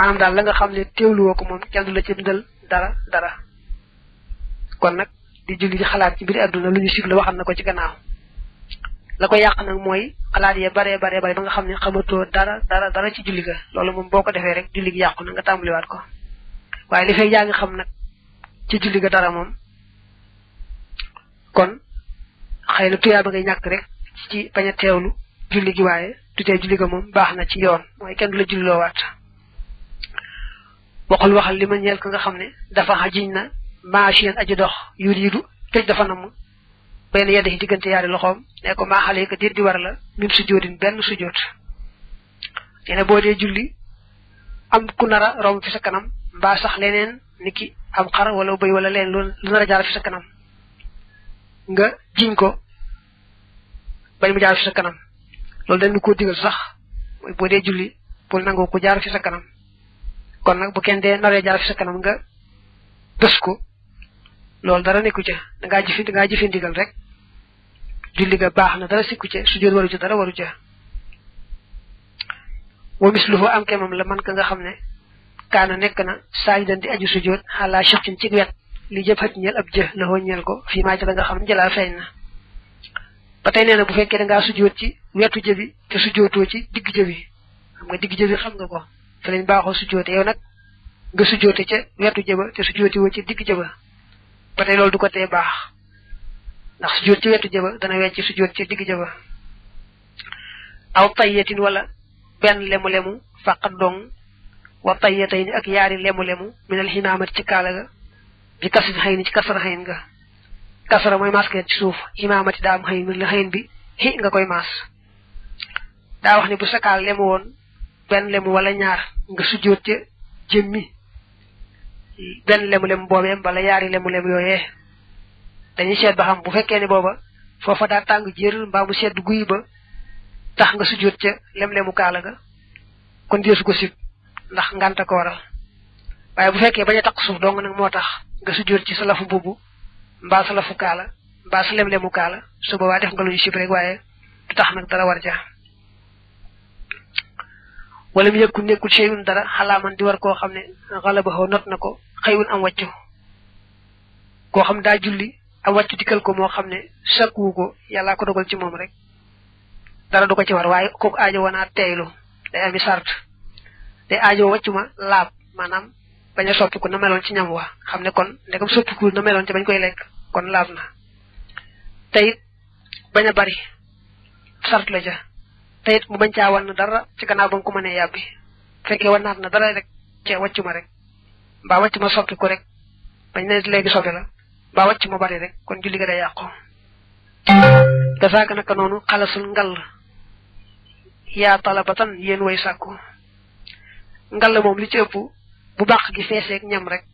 maanaam daal la nga xam ne teewluwoo ko moom kenn du la ci bindal dara dara kon nag di julli di xalaat ci mbiri àdduna lu ñu sib la waxal na ko ci gannaaw la ko yàq nag mooy xalaat yee baree baree bare ba nga xam ne xamatoo dara dara dara ci julli ga loolu moom boo ko defee rek julli gi yàqu na nga tàmbaliwaat ko waaye li fay yaa ngi xam nag ci julli ga dara moom kon xëy na tuyaa ba ngay ñàkk rek ci bañ a teewlu julli gi waaye tutee julli ga moom baax na ci yoon mooy kenn du la julliloowaat waxal waxal li ma ñeel ko nga xam ne dafa xajiñ na maashiyan aji dox yuriidu tëj dafa namm benn yedd yi diggante yaari loxoom ne ko maa xale yi ko déet war la min sujjóotin benn sujjóot nee na boo dee julli am ku nara a romb kanam mbaa sax leneen ni ki am xar wala bëy wala leen lu nar a jaar kanam nga jiñ ko bañ mu jaar fi sa kanam loolu dañ ko digal sax boo dee julli bul nangoo ko jaar fi sa kanam kon nag bu kenn dee naree jaar fi sa kanam nga bés ko loolu dara nekku ca da ngaa jëfi da ngaa jëfi ndigal rek julli ga baax na dara sikku ca sujjóot waru ca dara waru ca wa misluhu am ke moom la man ka nga xam ne kaana nekk na saajidan di aju sujjóot xaalaa shaqin ci wet li jëp xat ñeel ab jë la hoo ñeel ko fi maa ca nga xam ne jalaa feeñ na ba tey nee na bu fekkee da sujjóot ci wetu jëbi te sujjóotoo ci digg jëbi xam nga digg jëbi xam nga ko te lañ baaxoo sujoote yow nag nga sujoote ca wetu jëba te sujoote woo ca digg jëba ba tey loolu du ko tee baax ndax sujoot ci wetu jëba dana wecc sujoot ci digg jëba aw tayyatin wala benn lemu-lemu fàqat dong wa tayyatay ni ak yaari lemu-lemu minal ximaamat ci kaala ga bi kasin xëyn ci kasara xëyn nga kasara mooy masket ci suuf imaamati daam xëyn bi xi nga koy maas daa wax ne bu sa lemu woon benn lemu wala ñaar nga sujjóot ca jëmmi benn lemu lem boobeem wala yaari lemu lem yooyee dañuy seet ba xam bu fekkee ne booba foofa daa tàng jër mbaa mu sedd guy ba tax nga sujjóot ca lem-lemu kaala ga kon deesu ko sib ndax ngànta ko waral waaye bu fekkee bañ a takk suuf dong nag moo tax nga sujjóot ci sa lafu mbubb mbaa sa lafu kaala mbaa lem-lemu kaala su boobaa def nga lu ñu rek waaye du tax na dara war wala mu yëkku nekkul cheyun dara xalaaman di war koo xam ne xalabaxoo not na ko xëyun am wàccu koo xam daa julli am wàccu dikkal ko moo xam ne sakkuwu ko yàllaa ko dogal ci moom rek dara du ko ci war waaye kooku aajo woonaa teeylu day ami sart day aajo wàccu ma laab maanaam bañ a soppiku na meloon ci ñam wa xam ne kon ndegam soppiku na meloon ci bañ koy lekk kon laab na tey bañ a bari sart la ja te it mu bañ caa wan na dara ci gannaaw ba nga ko mënee yàbbi fekkee wanaat na dara rek cee wàccu ma rek mbaa wàcc ma soppi ko rek bañ ne léegi soppi la ba wàcc ma bari rek kon julli ga day yàqu dafaaka naka noonu xalasul ngall yaa talabatan yéen way ngal la moom li ci ëpp bu bàq gi feeseeg ñam rek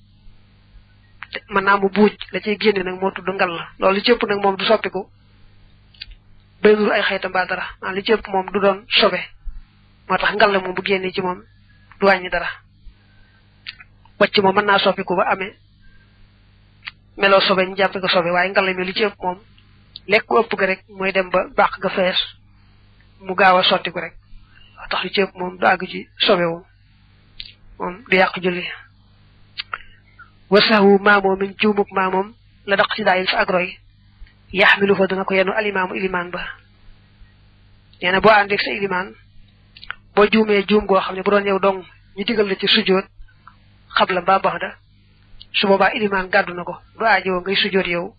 mën naa mu buuj la ciy génne nag moo ngal la loolu li ci ëpp nag moom du soppiku bëriwul ay xayta ba dara maanaam ah, li ci ëpp moom du doon sobe moo tax la moom bu génnee ci moom du wàññi dara ci moom mën naa soppiku ba amee meloo sobe ñu jàppe ko sobe waaye ngalla mi li ci ëpp moom lekk ëpp ga rek mooy dem ba baax ga fees mu gaaw a sotti ko rek moo li ci moom du àgg ci sobe wu moom du yàq julli wasawu maamoom min maamoom la daq ci daayil sa ak roy mi yaxmiluhu dana ko yenu alimaamu ilimaan ba nee na boo àndeeg sa ilimaan boo juumee juum goo xam ne bu doon yow dong ñu digal la ci sujjoot xabla mbaa bax da su boobaa ilimaan gàddu na ko du aajowoo ngay sujjoot yow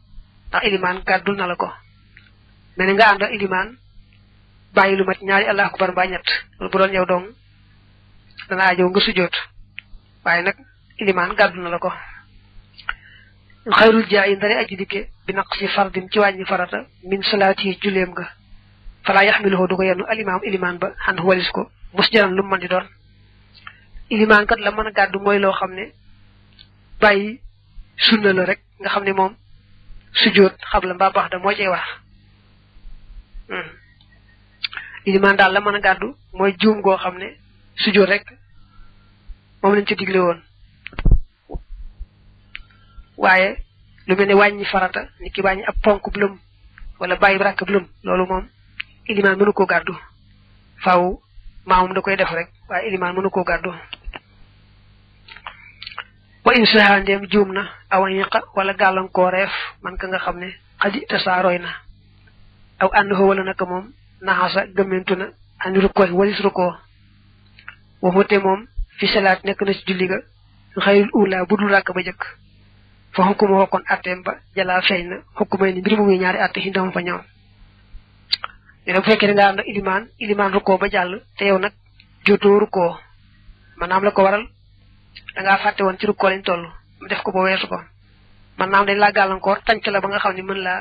ndax ilimaan gàddul na la ko mel nga ànd ak ilimaan bàyyi lu mat ñaari allah akbar mbaa ñett loolu bu doon yow dong dana aajowoo nga sujjoot waaye nag ilimaan gàddu la ko xayrul jaa yi ndare aji dikke bi naqsi fardin ci wàññi farata min salaati julleem nga falaa yaxmiluhu du ko yenn alimaam ilimaan ba xan walis ko mos jaran lu mu mën di doon ilimaan kat la mën a gàddu mooy loo xam ne bàyyi sunna rek nga xam ne moom sujjóot xam la mbaa baax da cey wax hmm. ilimaan la mën a gàddu mooy juum goo xam ne sujjóot rek moom lañ ci digle woon waaye lu mel ne wàññi farata nit ki wàññi ab ponk bu wala bàyyi rakk bu lëm loolu moom ilimaan mënu koo gàddu faaw maamum da koy def rek waaye ilimaan mënu koo gàddu wa in juum na awan yàqa wala gàllankooreef man ka nga xam ne xadi tasaaroy na aw ànd fa wala naka moom naxasa gëmmentu na ani rukkooy walis rukkoo waxute moom fii salaat nekk na ci julli ga xayrul ula budul ràkk ba jëkk fa xukkum woo kon atteem ba jalaa feeñ na xukkumay ni mbir mu ngi ñaari atte xindam fa ñoom ne bu fekkee nga ànd ilimaan ilimaan rukkoo ba jàll te yow nag jotoo rukkoo maanaam la ko waral da fàtte woon ci rukkoo lañ toll mu def ko ba weesu ko maanaam dañ laa gàllankoor tànc la ba nga xam ne mën laa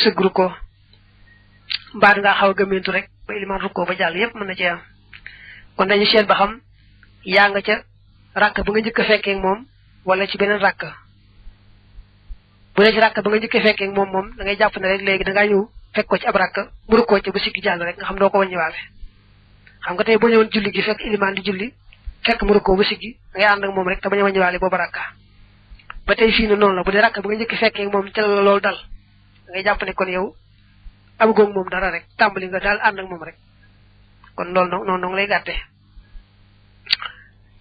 sëgg rukkoo mbaa da ngaa xaw a gëmmentu rek ba ilimaan rukkoo ba jàll yépp mën a ci kon dañu seet ba xam yaa nga ca ràkk ba nga jëkk a fekkee moom wala ci beneen ràkk bu dee ci rakk ba nga njëkkee fekkee moom moom da ngay jàpp ne rek léegi da ngaa ñëw fekk ko ci ab rakk bu rukkoo ci bu jàll rek nga xam doo ko wàññiwaale xam nga tey boo ñëwoon julli gi fekk ilimaan di julli fekk mu rukkoo bu siggi da ngay ànd moom rek te bañ a wàññiwaale booba rakka ba tey fii ne noonu la bu dee rakk ba nga jëkk fekkee moom ca la loolu dal da ngay jàpp yow am goog moom dara rek tàmbali nga daal ànd ak moom rek kon loolu noonu noonu lay gàttee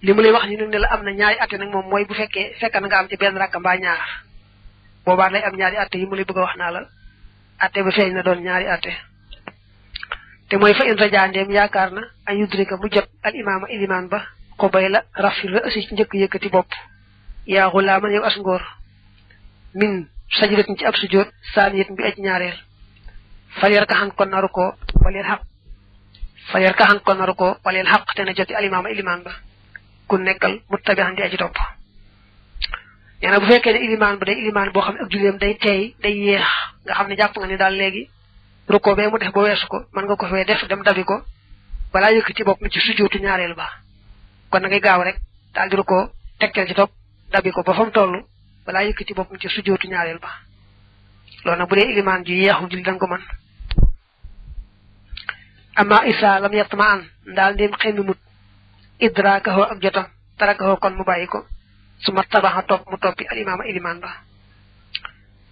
li mu lay wax ni nag am na ñaari atte nag moom mooy bu fekkee fekkan nga am ci benn rakk mbaa ñaar boobaa day am ñaari atte yi mu lay bëgg a wax naa la atte ba feeñ na doon ñaari atte te mooy fa in yaakaar na an yudrika mu jot al ba ko bay la rafir la ci njëkk yëkkati bopp yaa xulaaman yow as ngóor min sajdatin ci ab sujjóot saaniyatin bi aj ñaareel falyar ka xan kon naru ko waleel ka xan kon naru ko waleel xaq te na joti al imaama ilimaan ba ku nekkal mu tabi xan di aji topp nee na bu fekkee ne ilimaan ba day ilimaan boo xam ne ak julleem day teey day yéex nga xam ne jàpp nga ni daal léegi rukkoo bee mu def ba weesu ko mën nga ko fee def dem dabi ko balaa yëkkati bopp mi ci sujjootu ñaareel ba kon na ngay gaaw rek daal di rukkoo tekkeel ci topp dabi ko ba fa mu balaa yëkkati bopp mi ci sujjootu ñaareel ba loolu nag bu dee ilimaan ju yeexu julli danga ko mën amma isa lam yett ma an ndaal ndéem xemmi mut idraakahu ak jotam tarakahoo kon mu bàyyi ko su ma tabaxa topp mu toppi al imaama ilimaan ba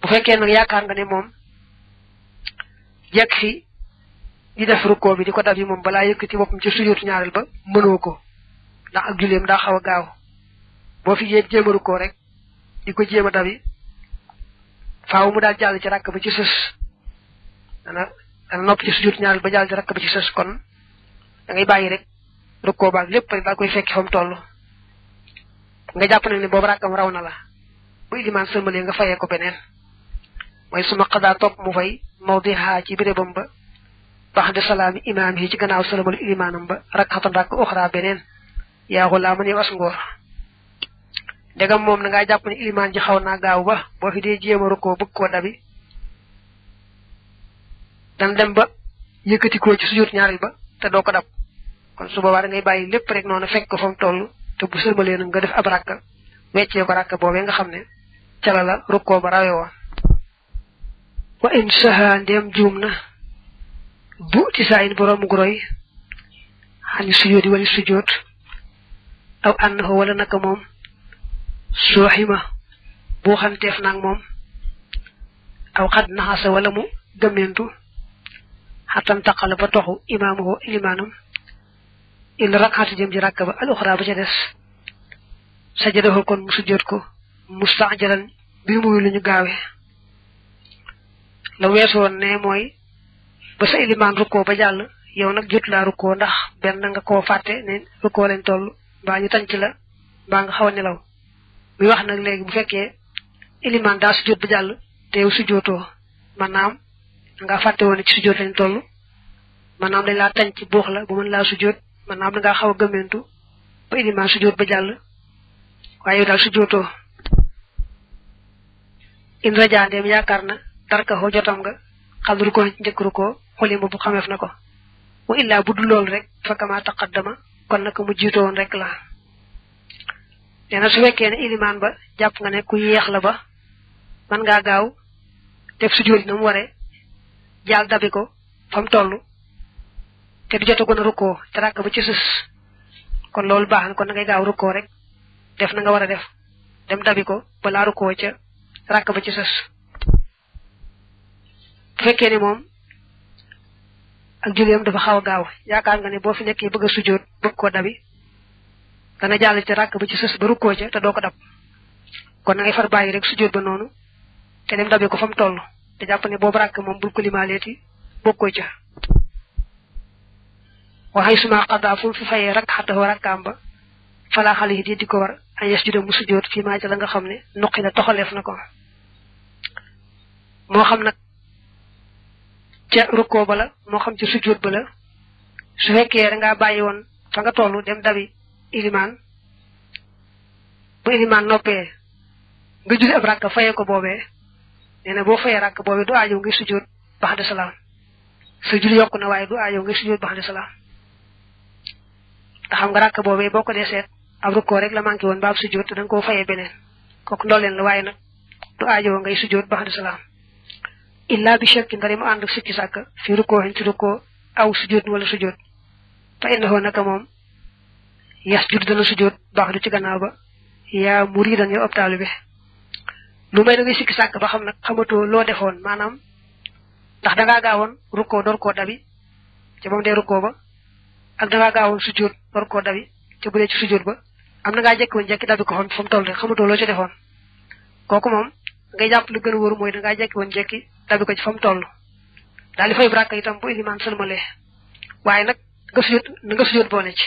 bu fekkee nag yaakaar nga ne moom yegg fi di def rukkoo bi di ko dab moom balaa yëkkati boppam ci sujootu ñaareel ba mënoo ko ndax ak julleem daa xaw a gaaw boo fi yéen jéem rek di ko jéem a dab yi mu daal jàll ci rakk ba ci sës dana dana nopp ci sujootu ñaareel ba jàll ci rakk ba ci sës kon da ngay bàyyi rek rukkoo baag lépp rek koy fekki fa mu nga jàpp na ne boobu raw na la bu ilimaan nga fayee ko beneen mooy suma xadaa topp mu fay mawdiha ci bérébam ba bax de salaami imaam yi ci gannaaw sëlmalu ilimaanam moom na ngaa jàpp ne ilimaan ji xaw naa gaaw ba boo fi dee jéem a rukkoo bëgg dabi dan dem ba yëkkatikoo ci sujjóot ñaareel ba te doo ko dab kon su boobaa da ngay bàyyi lépp rek noonu fekk ko fa mu te bu sëlmalee nag nga def ab rakka weccee ko rakka boobee nga xam ne cala la rukkoo ba rawe woon wa in saha ndeem juum na bu ci saa in borom gu roy wala sujoot aw ànd ko wala naka moom sooxima boo xamteef nag moom aw xad naxasa wala mu gëmmentu xatam taqala ba toxu imaamu ko limaanam illa rakaatu jëm ji rakka ba al uxra ba ca des sajadahu kon mu sujjóot ko mustaajalan bi muy lu ñu gaawe la weesu woon ne mooy ba jàll yow nag jot laa rukkoo ndax benn nga koo fàtte ne rukkoo lañ la mbaa nga xaw nelaw wax nag léegi bu fekkee ilimaan daa sujjóot ba jàll te ci sujjóot lañ toll maanaam dañ laa tànc buux la bu mën laa sujjóot man naam na ngaa xaw a gëmmentu ba ilimaan sujjóot ba jàll waaye daal sujjóotoo in rajaa ndeem yaakaar na darka xoo jotam nga xadru ko njëkkru ko xulima bu xameef na ko wa illaa bu lool rek fa kama taqaddama kon naka mu woon rek la nee na su fekkee ne ilimaan ba jàpp nga ne ku yeex la ba man ngaa gaaw def sujjóot na mu waree jaal dabi ko fa te du jotagoon rukkoo te ràkk ba ci sës kon loolu baax na kon na ngay gaaw rukkoo rek def na nga war a def dem dabi ko balaa rukkoo ca ràkk ba ci sës bu fekkee ne moom ak julleem dafa xaw a gaaw yaakaar nga ne boo fi nekkee bëgg a sujjóot bëgg koo dabi dana jàll ci ràkk ba ci sës ba rukkoo ca te doo ko dab kon na ngay far bàyyi rek sujjóot ba noonu te dem dabi ko fa mu toll te jàpp ne boobu ràkk moom bul ko limaaleeti bokkoo ca waxay suma xadaa fu mu fi fayee rakk xatahu rakkaam ba falaa xale yi di ko war ay yasjuda mu nga xam ne nuqi la toxaleef na ko moo xam nag ca rukkoo ba la moo xam ca sujjóot ba la su fekkee da bàyyi woon fa nga toll dem dabi ilimaan bu ilimaan noppee nga julli ab rakk fayee ko boobee nee na boo fayee rakk boobee du aajo ngay sujjóot ba'da salaam sa yokku na waaye du aajo ngay sujjóot ba'da salaam te xam nga rakk boobee boo ko dee seet ab rukkoo rek la manqué woon ba ab te da nga koo fayee beneen kooku ndooleen la waaye nag du aajowoo ngay sujjóot ba xam salaam illaa bi shakki ndari mu ànd ak sikki sàkk fi rukkoo xen ci rukkoo aw sujjóot wala sujjóot fa innahu naka moom yas jud dana sujjóot baax du ci gannaaw ba yaa muridan yow ab taalibe lu may da ngay sikki sàkk ba xam nag xamatoo loo defoon maanaam ndax dangaa gaawoon rukkoo door koo dabi ca ba mu dee rukkoo ba ak dangaa gaawoon sujjóot war koo dabi te bu ba am na ngaa jekki woon jekki dabi ko xam fa mu toll rek xamatoo loo ci defoon kooku moom ngay jàpp lu gën a wóor mooy dangaa jekki woon jekki dabi ko ci fa mu toll daal di fay braka itam bu ilimaan sëlmalee waaye nag nga sujjóot na nga sujjóot boole ci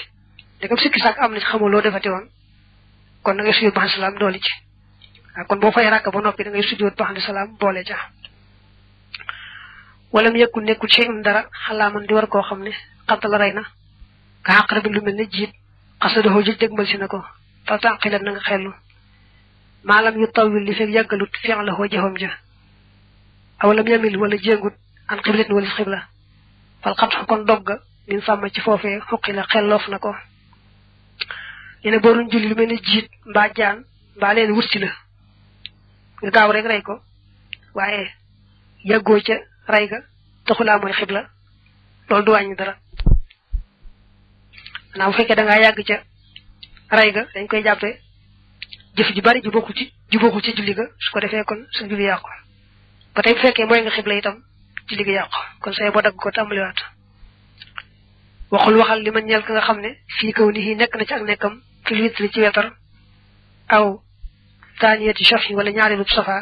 ndegam sikki sàkk am na ci xamoo loo defati woon kon na nga sujjóot ba xam salaam doole ci waaw kon boo fay ràkk ba noppi da ngay sujjóot ba xam salaam boole ca wala mu yëkkul nekkul ci dara xalaaman di war koo xam ne xattala rey na ka xaqara bi lu mel ne jiit xasadoxoo jëj dëgmal si na ko fa tànqilan na nga xellu maalam yu tawil li fekk yàggalut fian la xoo jëfam ja awalam yamil wala jéngut an xiblatin wala xibla fal xam sax kon dogga min sàmm ci foofee xuqi la xelloof na ko ñu ne booruñ julli lu mel ne jiit mbaa jaan mbaa leen wut si la nga gaaw rek rey ko waaye yàggoo ca rey ga taxulaa mooy xibla loolu du wàññi dara maanaam bu fekkee da yàgg ca ray ga dañ koy jàppee jëf ji bari ju bokkul ci ju bokkul ci julli ga su ko defee kon sa julli yàqu ba tey bu fekkee mooy nga xibla itam julli ga yàqu kon say boo dagg ko tàmbaliwaat waxul waxal li ma ñeel ka nga xam ne fii kaw ni nekk na ci ak nekkam fil witri ci wetar aw taaniyati shafi wala ñaareelu safa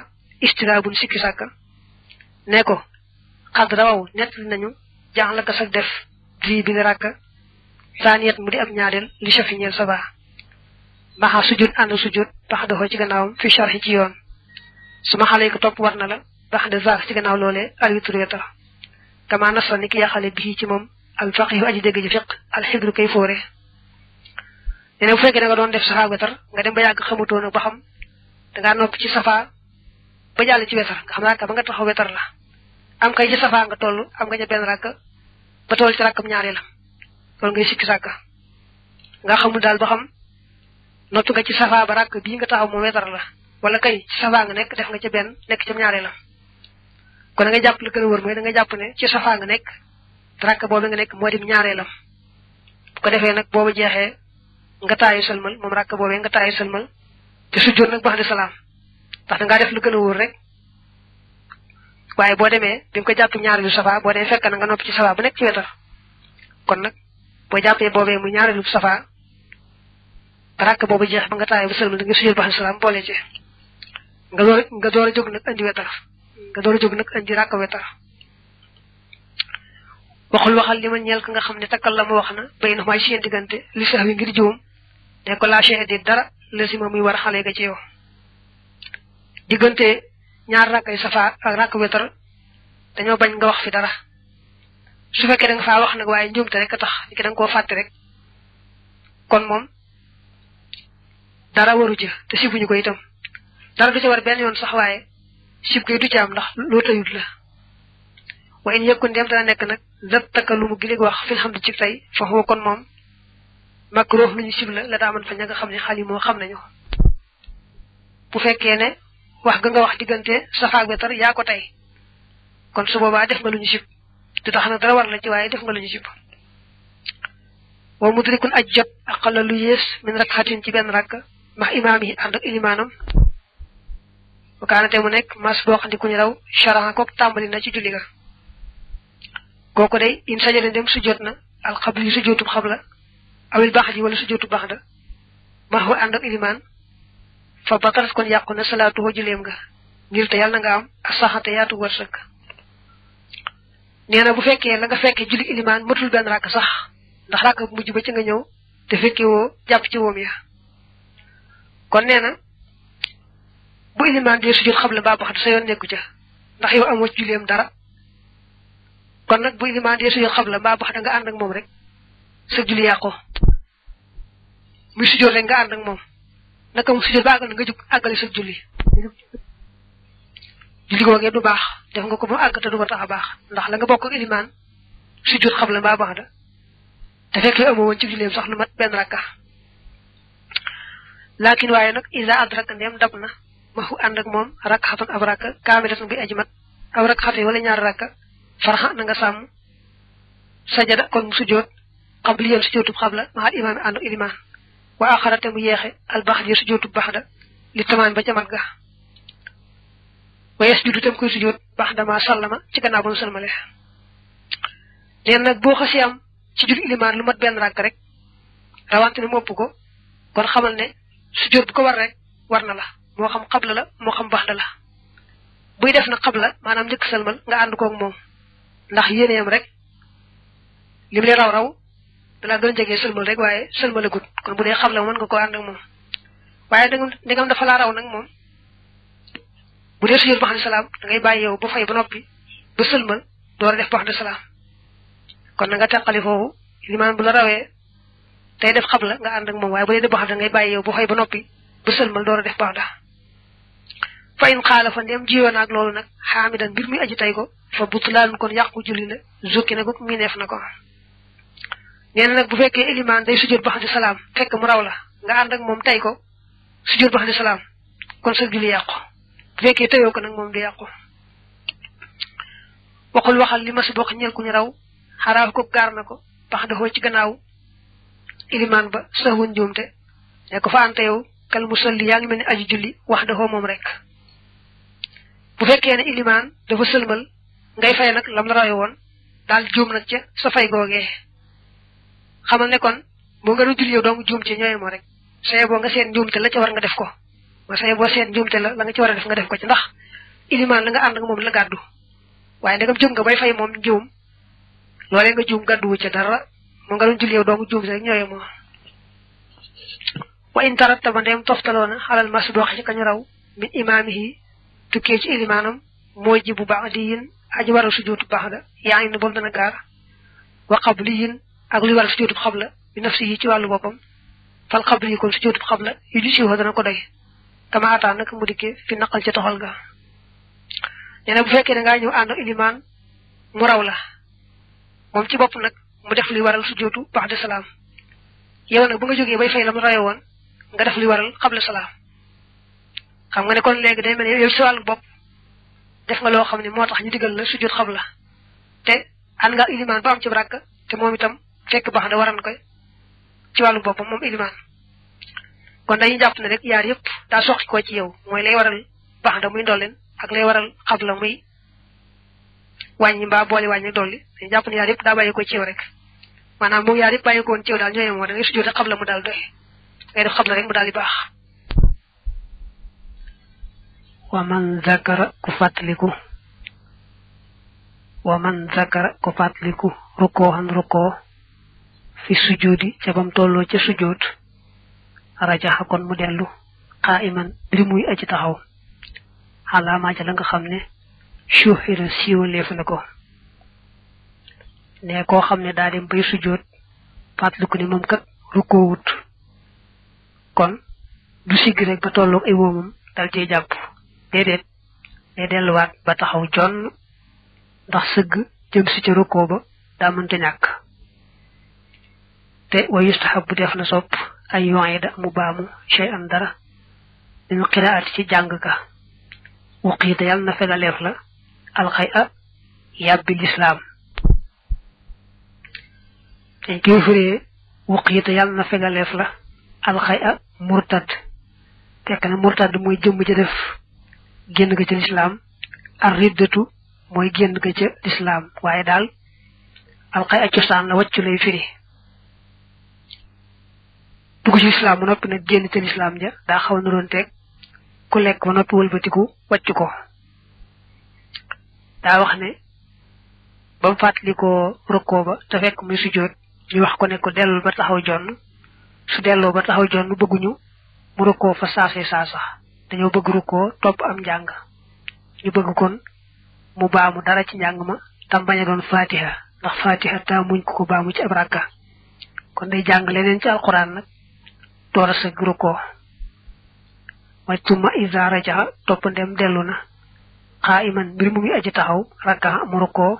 istiraabun sikki sàkka ne ko xad rawaw nett nañu jaaxal la ko sax def dii bi nga ràkka saaniyat mu di ab ñaareel li shafi ñeel sabaa maxa sujud ànd sujud bax da ci gannaawam fi sharxi ci yoon su ma xalee ko topp war na la bax da zaar ci gannaaw loolee alwitru wetar kama nasa ni ki yaxale bii ci moom alfaqihu aji dégg ji fiq alxibru kay fóore nene bu fekkee da nga doon def safa wetar nga dem ba yàgg xamutoon ba xam dangaa noppi ci safa ba jàll ci wetar nga xam ne ba nga taxaw wetar la am kay ci safa nga toll am nga ca benn ràkka ba toll wala ngay sikki sàkka nga xamul daal ba xam nottu nga ci safaa ba ràkk bii nga taxaw mu wetar la wala kay ci safaa nga nekk def nga ci benn nekk ca ñaareel la kon da nga jàpp la gën wor mooy da nga jàpp ne ci safaa nga nekk ràkk boobu nga nekk moo dim ñaareelam bu ko defee nag boobu jeexee nga taayu sëlmal moom ràkk boobee nga taayu sëlmal te sujjóot nag bax de salaam ndax da ngaa def lu gën a rek waaye boo demee bi nga ko jàpp ñaareelu safaa boo demee fekk na nga nopp ci safaa bu nekk ci wetar kon nag boo jàppee boobee mu ñaareelu safa rakk boobu jeex ba nga taayee ba sëlmal da nga sujjóot boole ci nga door nga a jóg nag andi wetar nga door a jóg nag andi rakk wetar waxul waxal li ma ñeel ka nga xam ne takkal la mu wax na bay na maay seen diggante li sax wi ngir juum ne ko lâché di dara la si ma muy war xale ga ci yow diggante ñaar rakkay safa ak rakk wetar dañoo bañ nga wax fi dara su fekkee da nga faa wax nag waaye njuumte rek a tax ni ki da nga koo fàtte rek kon moom dara waru ca te sibuñu ko itam dara du ca war benn yoon sax waaye sib koy du ca am ndax loo tayut la wa in yëkkun dem dana nekk nag zat taka lu mu giléeg wax fi nga xam ne ci tey foofu kon moom makruh lu ñu sib la la daa fa ña nga xam ne xali moo xam nañu bu fekkee ne wax ga nga wax diggante safaak betar yaa ko tey kon su boobaa def nga lu ñu sib te doo xam ne war la ci waaye def nga lu ñu ci wa mudrikun aj jot aqalla lu yées min rakkatin ci benn rakk max imaam yi ànd ilimaanam bu kaanate mu nekk mas boo xam ne ku ñu raw kook tàmbali na ci julli ga kooku day in sajada dem sujjoot na alxabli yu sujjootu xabla awil baax ji wala sujjootu baax da max wa ànd ak ilimaan fa bataras kon yàqu na salaatu wa julleem nga ngir te yàlla na nga am asaxante yaatu wërsëg nee na bu fekkee la nga fekkee julli ilimaan matul benn rakk sax ndax rakk bu mujj ba ci nga ñëw te fekkee woo jàpp ci woom ya kon nee na bu ilimaan dee sujjóot xam la mbaa baxat sa yoon nekku ca ndax yow amoo ci julleem dara kon nag bu ilimaan dee la mbaa baxat nga ànd ak moom rek sa julli yàqoo muy sujjóot rek nga ànd ak moom naka mu sujjóot baagal na nga jóg àggale sa julli julli googee du baax def nga ko ba mu àgg du ko tax a baax ndax la nga bokk ak ilimaan sujjóot xam la mbaa baax da te fekkee amoo ci julleem sax lu mat benn rakka laakin waaye nag isa adraka ndem dab na maxu ànd ak moom rakk xatan ab rakka kaamilatan bi aji mat ab rakk xatee wala ñaar rakka faraxa na nga sàmm sajada kon mu sujjóot qabli yam sujjóotub xabla maxal imaam yi ànd ak ilimaan waa axarate mu yeexe albaxdi sujjóotub baxda li tamaan ba ca mat wa yasjudu tam koy sujjóot baax dama sallama ci gannaaw ba nu salmale leen nag boo xasee am ci jul ilimaan lu mat benn ràkk rek rawante ne mopp ko kon xamal ne sujjóot bu ko war rek war na la moo xam xabla la moo xam baax la buy def na xabla maanaam njëkk salmal nga ànd koog moom ndax yéeneem rek li mu lay raw raw dalaa gën a jege sëlmal rek waaye sëlmal a gudd kon bu dee xabla mën nga koo ànd ak moom waaye danga dangam dafa laa raw nag moom bu dee sujjóot baxda salaam da ngay bàyyi yow ba fay ba noppi ba sëlmal door a def baxda salaam kon na nga tàqali foofu limaam bu la rawee tey def xabla nga ànd moom waaye bu dee def baxda ngay bàyyi yow ba ba noppi ba sëlmal door def baxda fa in xaala fa jiwoon ak loolu nag xaamidan mbir muy aji tey ko fa butlaan kon yàqu julli na zukki na ko mi neef na ko nee nag bu fekkee élimaan day sujjóot baxda salaam mu raw la nga ànd ak moom tey ko sujjóot baxda salaam kon sa julli yàqu bu fekkee tëyoo ko nag moom du yàqu waxul waxal li ma si bokk ñeel ku ñu raw xaraa ko gaar na ko bax daxoo ci gannaaw ilimaan ba sëxwun njuumte ko fa ante yow yaa ngi mel ni aju julli wax daxoo moom rek bu fekkee ne ilimaan dafa sëlmal ngay fay nag lam la rawe woon daal juum nag ca sa fay googee xamal ne kon boo nga du julli yow dong juum ci ñooy moo rek saye boo nga seen njuumte la ca war nga def ko masay boo seet njuumte la la nga ci war a def nga def ko ci ndax ilimaan la nga ànd ak la gàddu waaye ndegam juum nga bay fay moom juum loolee nga juum gàdduwu ca dara mu nga doon julli yow doomu juum si rek ñooye moo wa in tarattaba ndeem toftaloona xalal masdox ci kañu raw min imaamihi tukkee ci ilimaanam mooy ji bu baax di yin aji waral sujootu baax da yaa ngi ne boobu dana gaar wa xabli yin ak luy waral sujootu xabla bi nafsi yi ci wàllu boppam fal xabli yi kon sujootu xabla yu ju siwoo dana ko doy kama nag mu dikkee fi naqal ci toxal ga nee bu fekkee da ngaa ñëw ànd ak ilimaan mu raw la moom ci bopp nag mu def li waral sujjóotu ba'da salaam yow nag bu nga jógee bay fay la mu rawe woon nga def li waral qabla salaam xam nga ne kon léegi day mel ne ci wàllu bopp def nga loo xam ne moo tax ñu digal la sujjóot qabla te ànd nga ilimaan ba ci baraka te moom itam fekk baax na waran koy ci wàllu boppam moom ilimaan kon dañuy jàpp ne rek yaar yëpp daa soqi ko ci yow mooy lay waral baax da muy ndolleen ak lay waral xab la muy wàññi mbaa boole wàññi ak dolli dañuy jàpp ne yaar yëpp daa ko ci rek maanaam moom yaar yëpp bàyyi ko woon ci yow daal ñooy moo da ngay sujjóot xab la mu daal doy ngay def rek mu daal di baax wa man zakara ku fàttaliku wa man zakara ku fàttaliku rukkoo xan rukkoo fi sujjóoti ca bam tolloo rajaxa kon mu dellu qaa'iman li muy aji taxaw xalaamaa ca la nga xam ne suuxira siiwaleef na ko ne koo xam ne daa dem bay sujjoot fàttaliku ne moom kat rukkoowut kon du sigg rek ba tolloog ay woomam dal cee jàpp déedéet day delluwaat ba taxaw jonn ndax sëgg jëm si ca rukkoo ba daa mënta ñàkk te wa yustahabu def na sopp ay yu'ida mu baamu shay'an dara min qiraati ci jàng ka waqiita yàlla na fegaleef la alxay a yàbbi lislaam dañ koy firee waqiita yàlla na fegaleef la alxay a murtad fekk na murtad mooy jëmm ca def génn ko ca lislaam waaye daal alxay a cosaan la wàccu lay firi dugg ci lislaam ba noppi nag génn ca lislaam ja daa xaw na naroon teg ku lekk ba noppi wëlbatiku wàcc ko daa wax ne ba mu ko rokkoo ba te fekk muy sujjóot ñu wax ko ne ko dellul ba taxaw jonn su delloo ba taxaw jonn bëgguñu mu rokkoo fa saasee saasa dañoo bëgg rokkoo topp am njàng ñu bëgg kon mu baamu dara ci njàng ma tam bañ a doon fatiha ndax fatiha tam muñ ko ko baamu ci ab rakka kon day jàng leneen ci alxuraan nag door a sëgg rukkoo waaye summa isa rajaxa topp ndem dellu na xaa iman mbir mu ngi aji taxaw rakkaxa mu rukkoo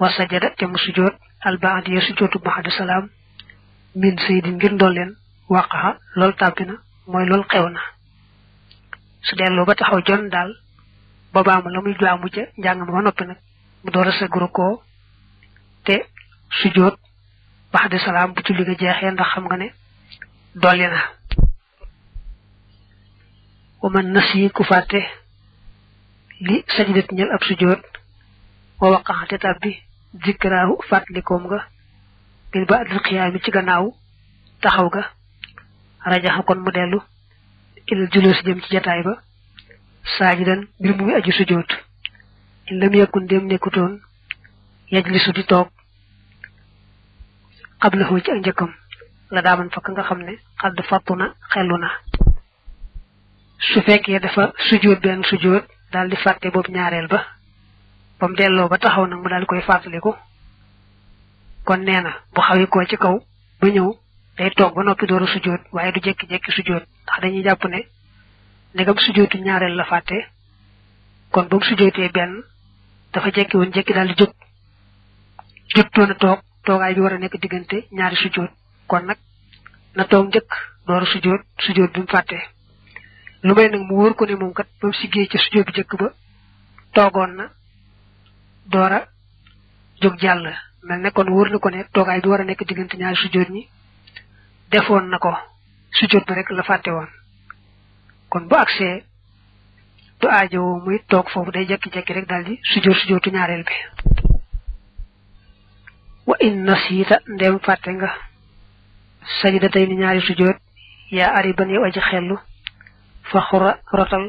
wa sajada te mu sujjoot albaadi ya sujjootu baxadu salaam min saydin ngir ndolleen wàqaxa lool tàbbi na mooy lool xew na su delloo ba taxaw jon daal boobaamu la muy jaamu ca njàng ma ba noppi nag mu door a sëgg rukkoo te sujjoot baxadu salaam bu julli ga jeexee ndax xam nga ne dolli na wa man nas yi ku fàtte li sajdat ñel ab sujjóot wa waqaxate tab bi zikraahu fàttalikoom nga bin ba adil xiyaami ci gannaaw taxaw ga rajaxa kon mu dellu ilal julóosi jëm ci jataay ba saajidan mbir mu muy aju sujjóot in lam yakun dem nekkutoon yajlisu di toog xablahu ci ak njëkkam la daaman fa ka nga xam ne xadd fàttu na xellu na su fekkee dafa sujjóot benn sujjóot daal di fàtte boobu ñaareel ba ba delloo ba taxaw nag mu daal di koy fàttaliku kon nee na bu xawee koo ci kaw ba ñëw day toog ba noppi door a sujjóot waaye du jékki-jékki sujjóot ndax dañuy jàpp ne ndegam sujjóotu ñaareel la fàtte kon ba mu sujjóotee benn dafa jékki woon jékki daal di jóg jot doon toog toogaay bi war a nekk diggante ñaari sujjóot kon nag na toog njëkk door sujjóot sujjóot bi mu fàtte lu may nag mu wóor ko ne moom kat ba mu siggee sujjóot bi njëkk ba toogoon na door a jóg jàll mel ne kon wóor na ko ne toogaay bi war a nekk diggante ñaari sujjóot ñi defoon na ko sujjóot bi rek la fàtte woon kon bu agsee du aajowoo muy toog foofu day jekki-jekki rek daal di sujjóot sujjóotu ñaareel bi wa in nasiita ndem fàtte nga sajda tey ni ñaari sujjóot yaa ariban yow aji xellu fa xura rotal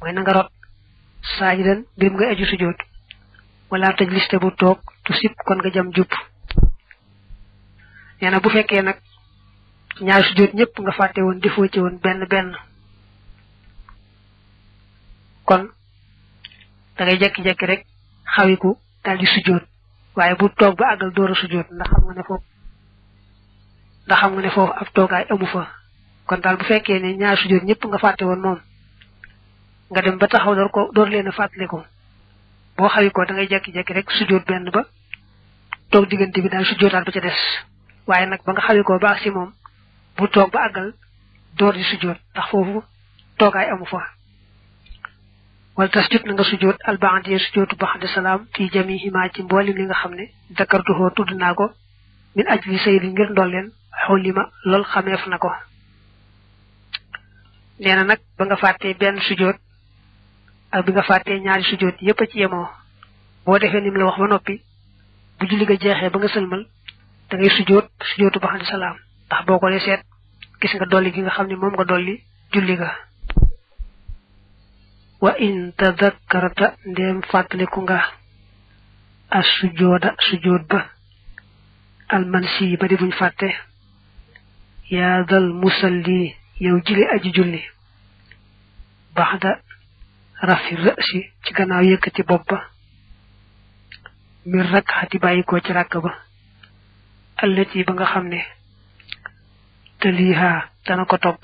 mooy na nga rot saajidan mbir nga aju sujjóot wala taj liste bu toog tu kon nga jam jub nee na bu fekkee nag ñaari sujjóot ñëpp nga fàtte woon defoo ci woon benn benn kon dangay ngay jekki-jekki rek xawiku daal di sujjóot waaye bu toog ba àggal door a sujjóot ndax xam nga ne foofu ndax xam nga ne foofu ab toogaay amu fa kon daal bu fekkee ne ñaar sujjóot ñëpp nga fàtte woon moom nga dem ba taxaw door ko door leen a ko boo xawi ko da ngay jekki-jekki rek sujjóot benn ba toog diggante bi daal sujjóotaat ba ca des waaye nag ba nga xawi ko baax si moom bu toog ba àggal door di sujjóot ndax foofu toogaay amu fa wala tasjud na nga sujjóot albaxandiyee sujjóotu baxande salaam fii jamihimaa ci mboolem li nga xam ne dakartuhoo tudd naa ko min aj li sayli ngir ndolleen ma lool xameef na ko nee na nag ba nga fàttee benn sujoot ak bi nga fàttee ñaari sujoot yépp a ci yemoo boo defee nim la wax ba noppi bu julli nga jeexee ba nga sëlmal da ngay sujoot sujootu ba xam salaam ndax boo ko dee seet gis nga dolli nga xam ne moom nga dolli julli nga wa in tadakkarata nga as sujooda sujoot ba almansi ba di buñ fàtte yaa dal musalli yow jile aji julli baxda rafi rësi ci gannaaw yëkkati bopp ba mir rakkaati bàyyi ko ci rakk ba allati ba nga xam ne taliha dana ko topp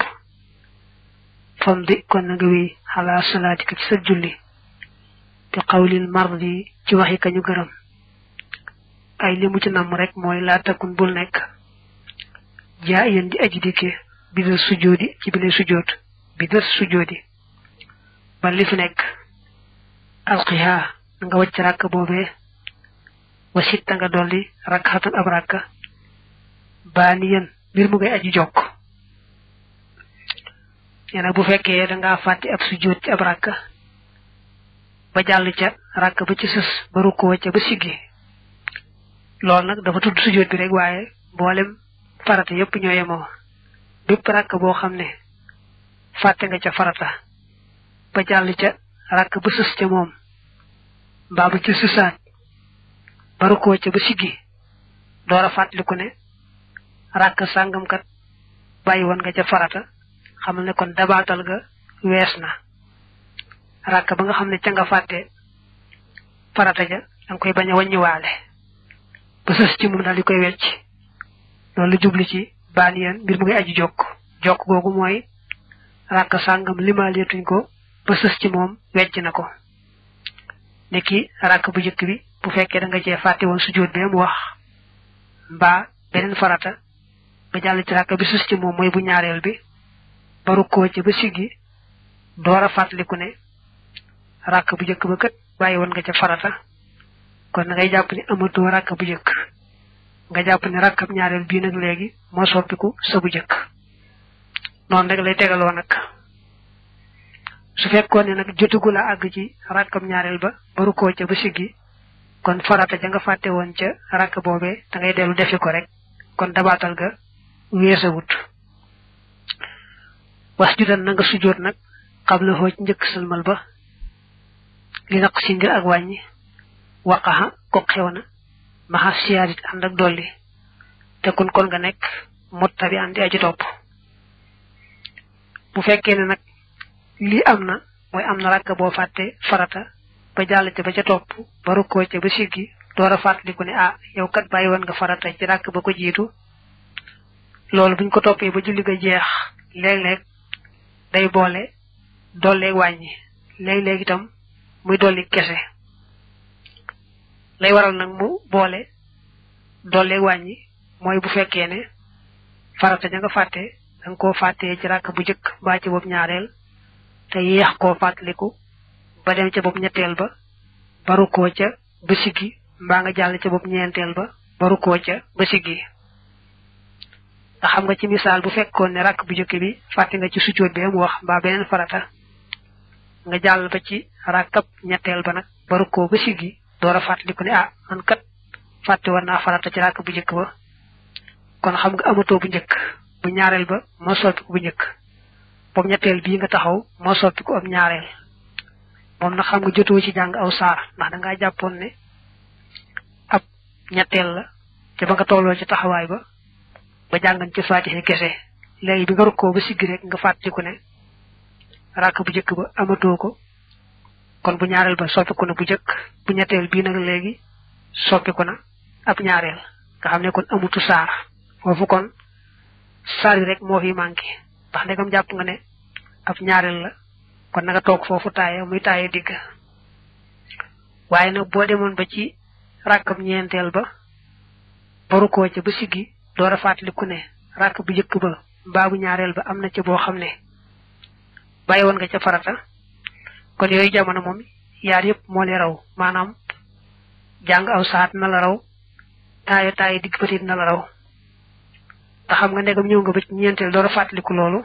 fam di kon na nga wéy xalaa salaatika ci sa julli bi xawlil mardi ci waxi kañu gërëm ay li ci namm rek mooy laa takkun bul nekk jaa yéen di aji dikkee bi dal sujjoodi ci bi lay sujjoot bi dal sujjoodi ba li fi nekk alqiha nga wàcc ràkk boobee wasitta nga dolli rakk xatan ab ràkk baani yéen mbir mu ngay aji jokk nee bu fekkee dangaa fàtte ab sujjoot ci ab ràkk ba jàll ca ràkk ba ci sës ba rukkoo ca ba siggi loolu nag dafa tudd sujjoot bi rek waaye mboolem farata yépp ñoo yemoo bépp rakk boo xam ne fàtte nga ca farata ba jàll ca rakk ba ca moom mbaa ba ca sësaat ba rukkoo ca ba siggi door a fàttaliku ne rakk sàngamkat bàyyi woon nga ca farata xamal ne kon dabaatal ga wees na rakk ba nga xam ne ca nga fàtte farata ja danga koy bañ a wàññiwaale ba ci moom daal di koy wecc loolu la jublu ci baaniyan mbir mu ngi aji jokk jokk googu mooy ràkk sàngam limaaleetuñ ko ba sës ci moom wecc na ko niki ràkk bu njëkk bi bu fekkee da nga cee fàtte woon sujjóot bi mu wax mbaa beneen farata ba jàll ci ràkk bi sës ci moom mooy bu ñaareel bi ba ko ci ba siggi door a fàttaliku ne ràkk bu njëkk ba kët bàyyi woon nga ca farata kon na ngay jàpp ni amatoo ràkk bu njëkk nga jàpp ne rakkab ñaareel bii nag léegi moo soppiku sa bu jëkk noonu lay tegaloo nag su fekkoon ne nag jotugu la àgg ci rakkab ñaareel ba baru koo ca ba siggi kon farata ja nga fàtte woon ca rakk boobee da ngay dellu defe ko rek kon dabaatal ga weesawut was judan na nga sujoot nag xabla xooj njëkk salmal ba li naq si ak wàññi waqaxa ko xew na maxa siyaarit ànd ak dolli te kun kon nga nekk motta bi àndi aji topp bu fekkee ne nag lii am na mooy am na rakk boo fàtte farata ba jàll ca ba ca topp ba rukkoo ca ba siggi door a fàttaliku ne ah yow kat bàyyi nga farata ci rakk ba ko jiitu loolu buñ ko toppee ba julli ga jeex léeg-léeg day boole dolleeg wàññi léeg-léeg itam muy dolli kese lay waral nag mu boole dolleeg wàññi mooy bu fekkee ne farata ja nga fàtte da koo fàttee ci ràkk bu njëkk mbaa ci boobu ñaareel te yéex koo fàttaliku ba dem ca boobu ñetteel ba baru koo ca ba siggi mbaa nga jàll ca boobu ñeenteel ba baru koo ca ba siggi nga xam nga ci misaal bu fekkoon ne ràkk bu njëkk bi fàtte nga ci sujjóot bi mu wax mbaa beneen farata nga jàll ba ci rakkab ñetteel ba nag baru koo ba siggi door a fàttaliku ne ah man kat fàtte war naa farata ci ràkk bu njëkk ba kon xam nga amatoo bu njëkk bu ñaareel ba moo soppiku bu njëkk boobu ñetteel bii nga taxaw moo soppiku am ñaareel moom na xam nga jotoo ci jàng aw saar ndax da ngaa jàppoon ne ab ñetteel la te ba nga tolloo ci taxawaay ba ba jàngan ci faatixe kese léegi bi nga rukkoo ba siggi rek nga fàttaliku ne ràkk bu njëkk ba amatoo ko kon bu ñaareel ba soppiku na bu njëkk bu ñetteel bii nag léegi soppiku na ab ñaareel nga xam ne kon amutu saar foofu kon saar yi rek moo fi manqué ndax ndegam jàpp nga ne ab ñaareel la kon na nga toog foofu taaye muy taaye digg waaye nag boo demoon ba ci ràkkab ñeenteel ba baru koo ca ba siggi door a fàttaliku ne ràkk bu njëkk ba mbaabu ñaareel ba am na ca boo xam ne bàyyi woon nga ca farata kon yooyu jamono moom yaar yëpp moo lay raw maanaam jàng aw saat na la raw taayo taayo digg bëtit na raw te xam nga ndegam ñëw nga ba ñeenteel door a fàttaliku loolu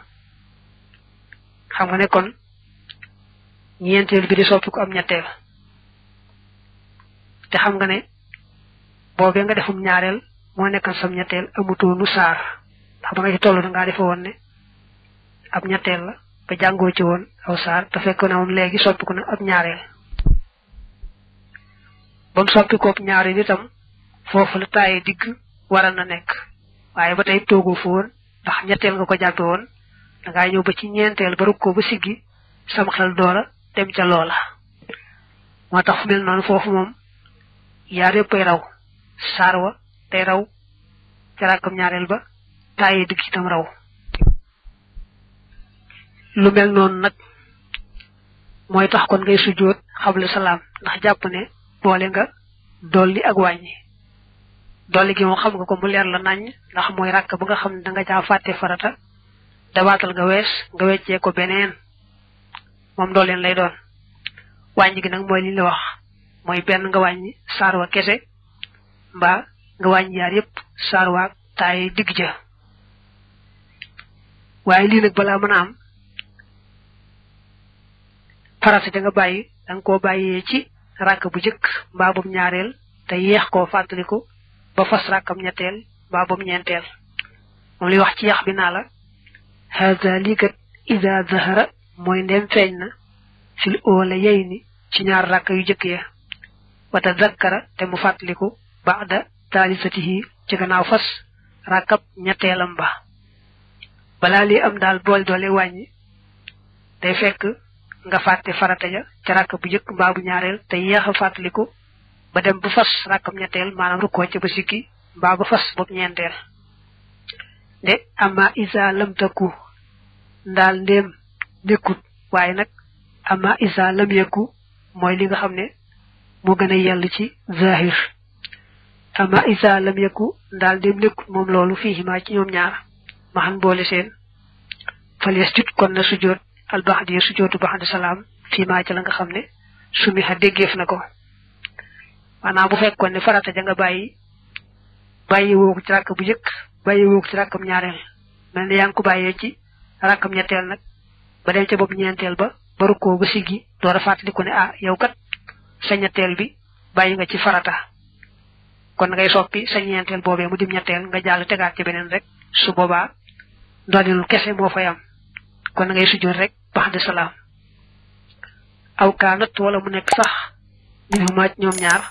xam nga ne kon ñeenteel bi di soppiku am ñetteel te xam nga ne boobee nga defum ñaareel moo nekkan sam ñetteel amutoonu saar ndax ba nga ci toll da ngaa woon ne ab ñetteel la nga jàngoo ci woon aw saar te fekk na woon léegi soppiku na ab ñaareel ba mu soppikook ñaareel itam foofu la taaye digg waral na nekk waaye ba tey toogoo fa woon ndax ñetteel nga ko jàppe woon dangaa ñëw ba ci ñeenteel ba rug ko ba siggi sama xel doola dem ca loola moo tax fu mel foofu moom yaar yëppay raw saar wa tey raw ca rakkam ba taaye digg itam raw lu mel noonu nag mooy tax kon ngay sujjóot xabla salaam ndax jàpp ne boole nga dolli ak wàññi dolli gi moom xam nga ko mu leer la naññ ndax mooy ràkk ba nga xam ne danga caa fàtte farata dabaatal nga wees nga weccee ko beneen moom dooleen lay doon wàññi gi nag mooy li la wax mooy benn nga wàññi saar wa kese mbaa nga wàññi yaar yépp saar waa taaye digg ja waaye lii nag balaa mën a am farata ja nga bàyyi da ko koo bàyyee ci ràkk bu njëkk mbaa boobu ñaareel te yeex koo fàttaliku ba fas ràkkam ñetteel mbaa boobu ñeenteel moom li wax ci yax bi naa la haza lii kat ida zahara ci ñaar ràkk yu njëkk ya wata zakkara te mu fàttaliku ba'da taalisatihi ci gannaaw fas ràkkab ñetteelam ba balaa lii am daal bool doole wàññi day fekk nga fàtte farata ja ca rakk bu njëkk mbaa bu ñaareel te yéex a fàttaliku ba dem bu fas rakkam ñetteel maanaam rukkoo ca ba sikki mbaa ba fas boobu ñeenteel de ama isa lam takku ndaal ndéem nekkut waaye nag ama isa lam yëkku mooy li nga xam ne moo gën yell ci zahir ama isa lam yëkku loolu fii maa ci ñoom ñaar ma xam boole seen falees jut kon na sujjóot albaxdiya sujootu baxda salaam fii maa ci la nga xam ne sumiha déggeef na ko maanaam bu fekkoon ne farata janga bàyyi bàyyi woo ci ràkk bu njëkk bàyyi woo ko ci ràkkam ñaareel mel ne yaa ngi ko bàyyee ci ràkkam ñetteel nag ba dem ca bopp ñeenteel ba baru koo ba siggi door a fàttali ne ah yow kat sa ñetteel bi bàyyi nga ci farata kon ngay soppi sa ñeenteel boobee mu dim ñetteel nga jàll tegaat ci beneen rek su boobaa doonul kese moo fay am kon ngay rek baxde salaam aw kaanat wala mu nekk sax min xumaaj ñoom ñaar